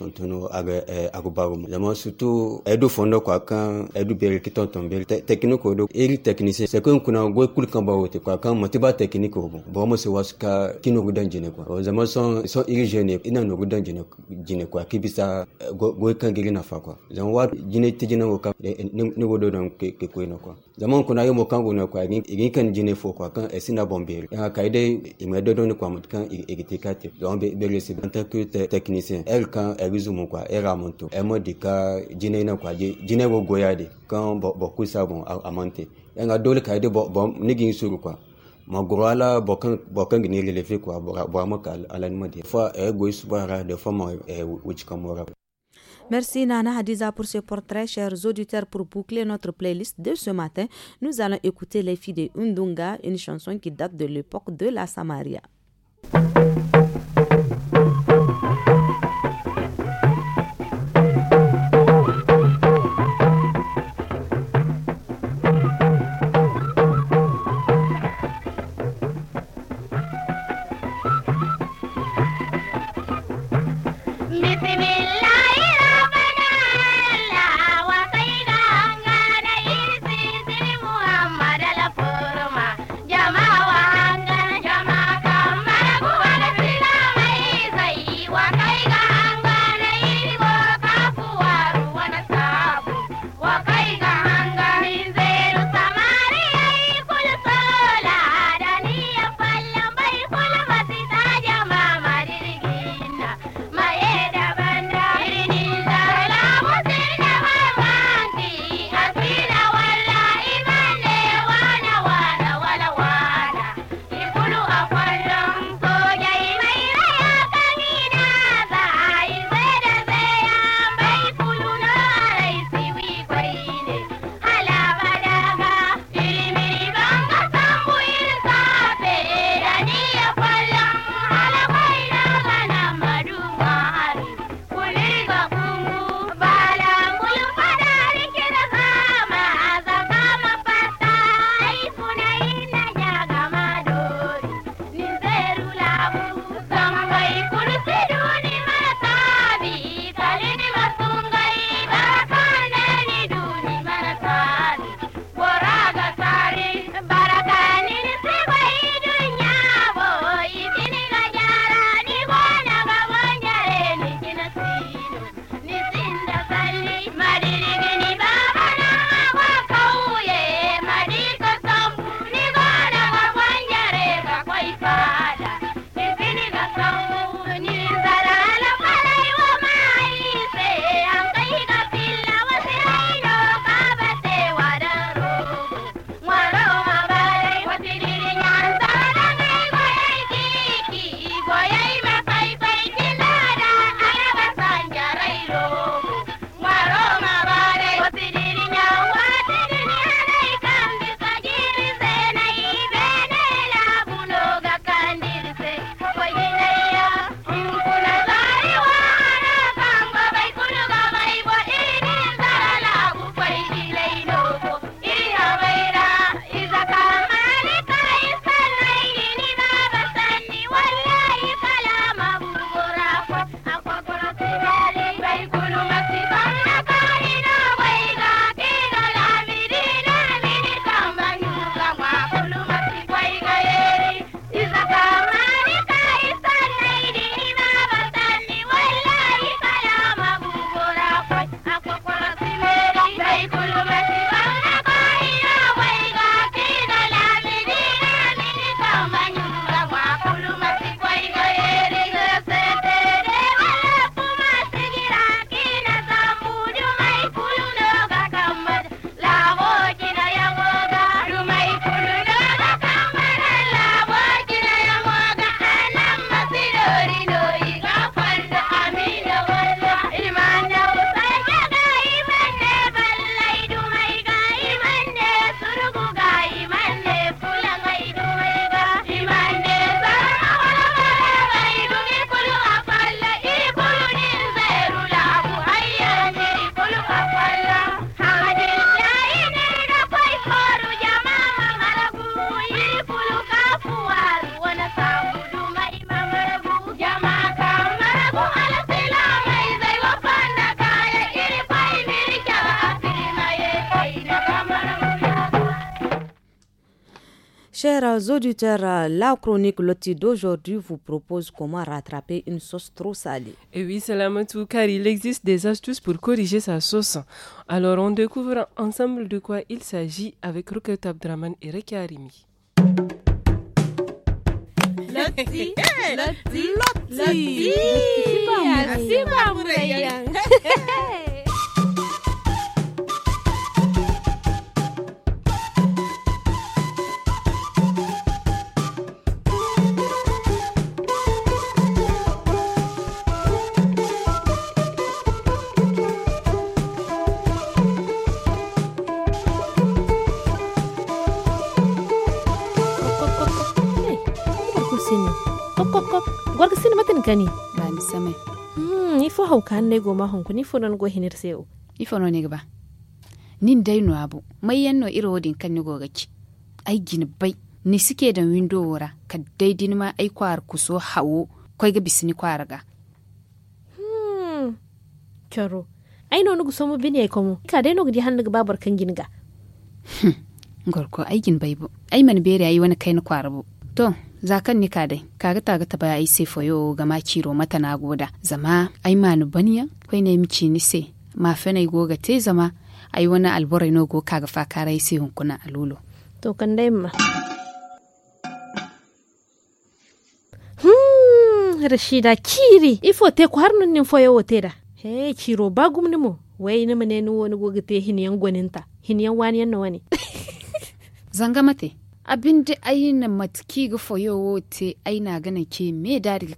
Speaker 12: aga agɛ eh, agubaru mo zama surtout ɛdu fondo kwa kan ɛdu bere ki tonton bere tɛkini ko do eri teknisi se ko kuna go kul kan bawo te kwa kan motiba tekniko bo bo mo se wasu ka gudan dan kwa o zama son son iri jene ina no gudan jine jɛnɛ kwa k'i bisa go kan na nafa kwa zama wa jinɛ tɛ jinɛ ko ka ne go do don ke ko yen kwa zaman kuna yomo kango ne kwa igi kan jine fo kwa kan esina bomberi ya kaide imedo don kwa mut igiti kate don be be resi en tant que technicien el kan egizu mu kwa era monto e mo dika jine na kwa jine go goyade kan bo bo kusa bon amante nga dole kaide bo bo nigi suru kwa magoro ala bɔkan gini lelefe kwa bɔra maka ala ni madi fa e goyi subara de fa ma e wuci kamora
Speaker 2: Merci Nana Hadiza pour ce portrait, chers auditeurs. Pour boucler notre playlist de ce matin, nous allons écouter Les filles de Undunga, une chanson qui date de l'époque de la Samaria. auditeurs, euh, la chronique Lotti d'aujourd'hui vous propose comment rattraper une sauce trop salée. Et eh oui, c'est
Speaker 1: tout car il existe des astuces pour corriger sa sauce. Alors, on découvre ensemble de quoi il s'agit avec Rocket Abdraman et Rekia Arimi.
Speaker 13: sini kop kop kop gorga sini matin kani ba ni same hmm ifo
Speaker 14: kan ne go ma honku ni fo non go hinir seo ifo non ne ba nin dai no abu mai yanno iro din kan ni goga ki ai gini bai ni suke da windo wora ka dai din ma ai kwar ku so hawo koi ga bisini kwar ga
Speaker 13: hmm kyaro ai no nugu somo bini ai komo ka dai no gidi hannu ga babar kan ginga
Speaker 14: gorko ai gin bai bu ai man bere ayi wani kai na kwar bu to zakan ni kadai ga taga ta baya ise foyo gama kiro mata na goda zama ai ni baniya kai ne mici ni se ma fenai goga te zama ai wani alborai no go kaga fa rai se hunkuna alulo to kan dai ma
Speaker 13: hmm, rashida kiri ifo te ko har nin foyo wote da he kiro ba gumni mo wai ni mene ni wani goga te hiniyan gwaninta hiniyan wani
Speaker 14: yan wani [laughs] zanga mate abin da aina matuki ga foyowo te aina gana ke me dari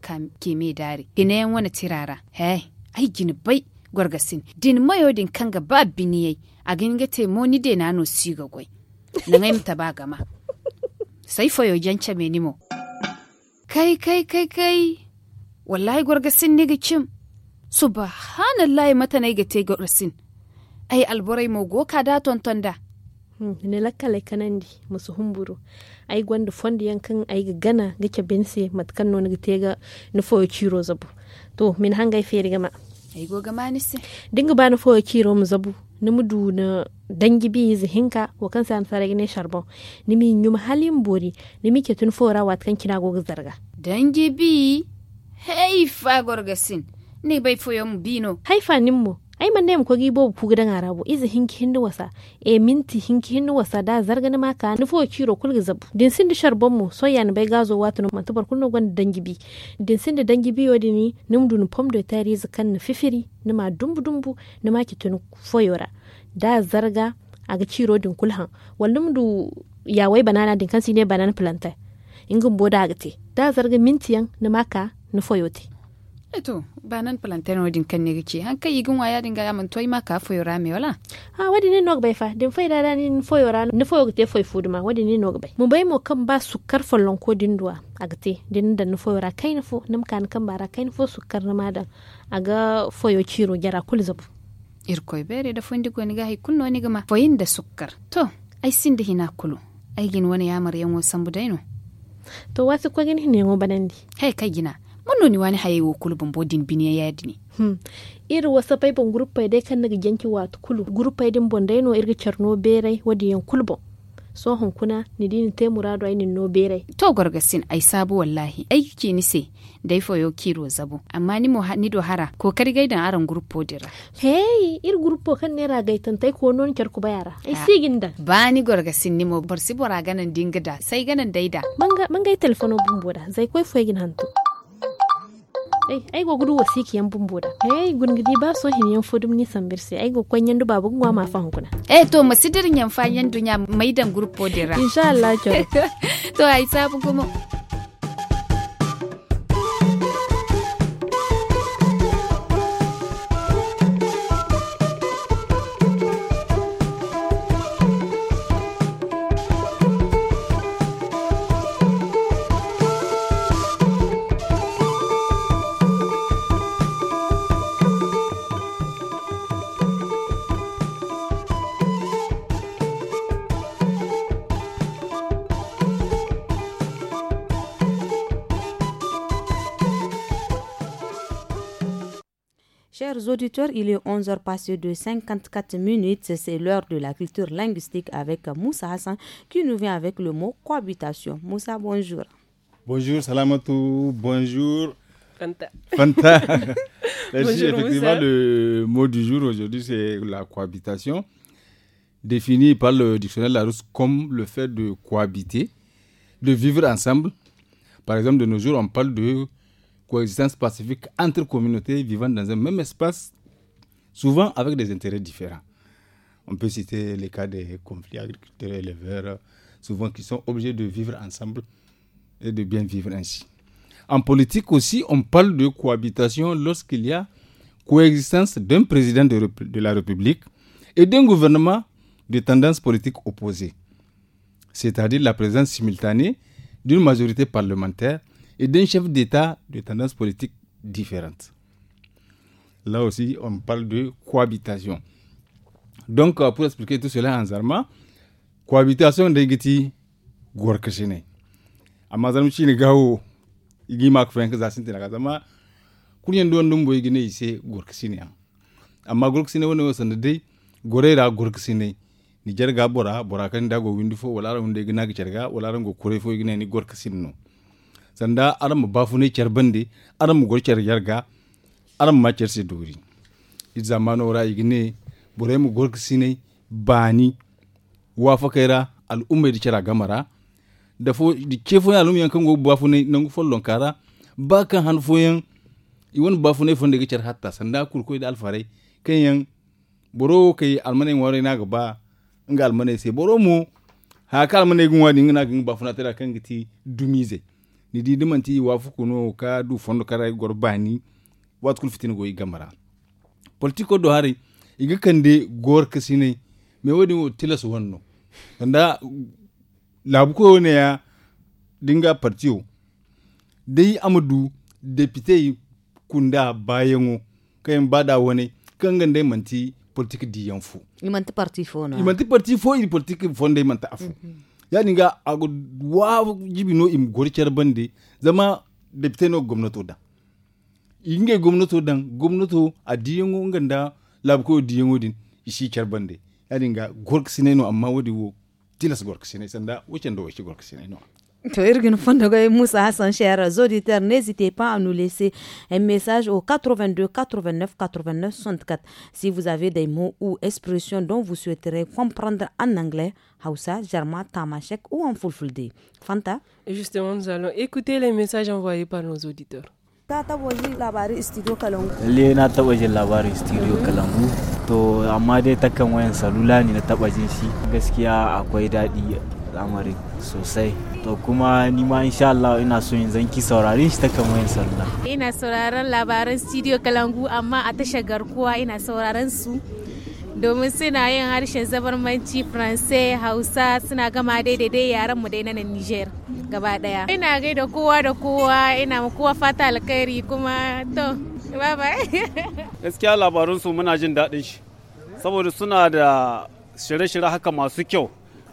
Speaker 14: ke me dari gina yan wani tirara he ai gini bai gwargasin din mayo din kan ga ba biniyai a gini ga te mo ni de na no si ga gwai na ngai mta ba gama sai foyo jancha me nimo kai kai kai kai wallahi gwargasin ne ga cim subhanallahi mata na ga te gwargasin ai alborai mo goka da tonton da Hmm. ne lakkale kanandi musu humburu ai gwanda fondi yankan ai ga gana
Speaker 13: gake bense matkan no ga tega no fo chiro zabu to min hangai feri gama
Speaker 14: ai go gama ni se
Speaker 13: dinga ba no fo chiro mu zabu ni mudu na dangi bi zihinka wa kan san sare ne sharbon ni mi nyum halin bori ni mi ke tun fora wat kan kina go zarga dangi bi
Speaker 14: hey fa gorgasin ni bai fo
Speaker 13: yom bino haifa nimmo ai man nem ko gibo ku gidan arabo izi hinki hindu wasa e minti hinki hindu wasa da zargan maka nufo kiro kulga zabu din sin dishar bommu soyan bai gazo watu no mantubar kunno gon dangibi din sindi dangibi yodi ni numdu nu pom do tari zakan na fifiri nima dumbu dumbu nima kitun foyora da zarga aga kiro din kulhan wallum du wai banana din kansi ne banana plantain ingin boda agate da zarga mintiyan nima ka nufoyote
Speaker 14: eto banan plantain wadin kan ne gici han kai igin waya dinga ya man toy ma ka foyora me wala ha wadin ne nok bai fa din foy da
Speaker 13: ni foyora ni foyo te fu duma wadin ne nok bai mu bai mo kan ba sukar fallon ko din duwa agte din da ni foyora kai ni fo nim kan kan bara kai ni fo sukar na madan aga
Speaker 14: foyo ciro jara kulzab irkoy bere da fundi ko ni ga hay kunno ni ma foyin da sukar. to ai sin da hina kulu ai gin wani yamar yan wasan budaino to wasu kwagin ne ngo banandi hey kai gina manoni wani haye wo kulu bon bodin biniya yadini hmm.
Speaker 13: iri wasa pai bon groupe dai kan naga janki watu kulu groupe din bon dai no irga charno berai
Speaker 14: wadi yan bon. so hon kuna ni dinin te murado ai nin no berai to gargasin ai sabu wallahi ai ki ni se dai fo yo kiro zabu amma ni mo ni do hara ko kar gaidan aran groupe dira hey ir groupe kan ne ra gaitan tai ko non kyar ku bayara ai sigin da ba ni gargasin ni mo si bora ganan dinga da sai ganan daida manga manga telefono bumboda zai koi fo hantu ai ai go gudu wasi kiyan bumbuda ai
Speaker 13: gidi ba so hin yan fodum ni sambir sai ai go kwanyen du babu gwa ma fa hunkuna eh to masidirin yan
Speaker 14: fa yan dunya maidan grupo dira insha Allah [laughs] to ai sabu kuma
Speaker 2: auditeurs, il est 11h passé de 54 minutes. C'est l'heure de la culture linguistique avec Moussa Hassan qui nous vient avec le mot cohabitation. Moussa, bonjour.
Speaker 15: Bonjour salamatu, bonjour. Fanta. Fanta. [laughs] Effectivement, le mot du jour aujourd'hui, c'est la cohabitation, définie par le dictionnaire Larousse comme le fait de cohabiter, de vivre ensemble. Par exemple, de nos jours, on parle de coexistence pacifique entre communautés vivant dans un même espace, souvent avec des intérêts différents. On peut citer les cas des conflits agriculteurs-éleveurs, et souvent qui sont obligés de vivre ensemble et de bien vivre ainsi. En politique aussi, on parle de cohabitation lorsqu'il y a coexistence d'un président de, de, la République et d'un gouvernement de tendance politique opposée, c'est-à-dire la présence simultanée d'une majorité parlementaire et d'un chef d'État de tendance politique différente. Là aussi, on parle de cohabitation. Donc, euh, pour expliquer tout cela en Zarma, cohabitation de Giti Gorkashine. Amazon Chine Gao, Igimak Frank Zasinti Nakazama, Kunyan Don Dumbo Igine Ise Gorkashine. Amma Gorkashine wani wasan da dai gore da Gorkashine. Nijar ga bora, bora kan dago windi fo, walaran igina go kore fo igina ni no. sanda aran bafu bafune cer bande aran ma gor cer yarga aran ma cer se dori i zamano ra igine bure mu gor sine bani wa fakaira al ummi di cara gamara da fo di kefo ya lumiyan kan go bafune nan go follon kara ba han fo yan i won bafu bafune fonde ga cer hatta sanda kul koy dal fare kan yan boro kai almane wari na gaba ngal mane se boro mu haka almanai gun wani ngina gun na tara kan giti dumize ni di dimanti wafu kuno ka du fondo kara gorbani wat kul fitin go gamara politiko do hari iga kande gor kasine me wadi wo tilas wonno nda labu ko ne ya dinga partiyo dai amadu depute kunda bayango kayan bada wani kan gandai manti politique di yanfu
Speaker 2: imanti parti fo na
Speaker 15: imanti parti fo il politique fonde manta afu mm -hmm. yani ga ago wa jibi no im gorcer bande zama depute no gomnato da inge gomnato dan gomnato a diyango nganda labko diyango din isi cer bande yani ga gork sine no amma wodi wo tilas gork sine sanda wucen do wuce gork sine no
Speaker 2: Irgun Fondogoy e Musa Hassan, Cher auditeurs, n'hésitez pas à nous laisser un message au 82 89 89 64 si vous avez des mots ou expressions dont vous souhaiterez comprendre en anglais, Hausa, Germain, Tamashek ou en Fulfulde. Fanta
Speaker 1: Justement, nous allons écouter les messages envoyés par nos auditeurs.
Speaker 2: ta taba jin studio kalangu
Speaker 10: le na taba jin labarin studio kalangu to amma dai takan wayan salula ne na taba jin shi gaskiya akwai daɗi al'amarin sosai to kuma ni ma insha Allah ina so in zanki saurare shi ta kamar yin sallah
Speaker 13: ina sauraron labaran studio kalangu amma a tashar garkuwa ina sauraron su domin suna yin harshen zabar manci faransai hausa suna gama daidai yaran mu daina na niger gaba daya ina gaida kowa da kowa ina ma kowa fata alkhairi kuma to [laughs]
Speaker 10: gaskiya labarun su muna jin daɗin shi saboda suna da shirye-shirye haka masu kyau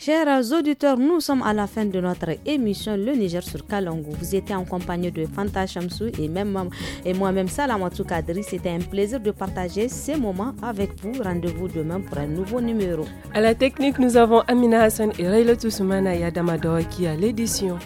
Speaker 2: Chers auditeurs, nous sommes à la fin de notre émission Le Niger sur Kalangou. Vous étiez en compagnie de Fanta Chamsou et, même, et moi-même Salamatou Kadri. C'était un plaisir de partager ces moments avec vous. Rendez-vous demain pour un nouveau numéro.
Speaker 1: À la technique, nous avons Amina Hassan et Rayla Toussoumana qui à l'édition.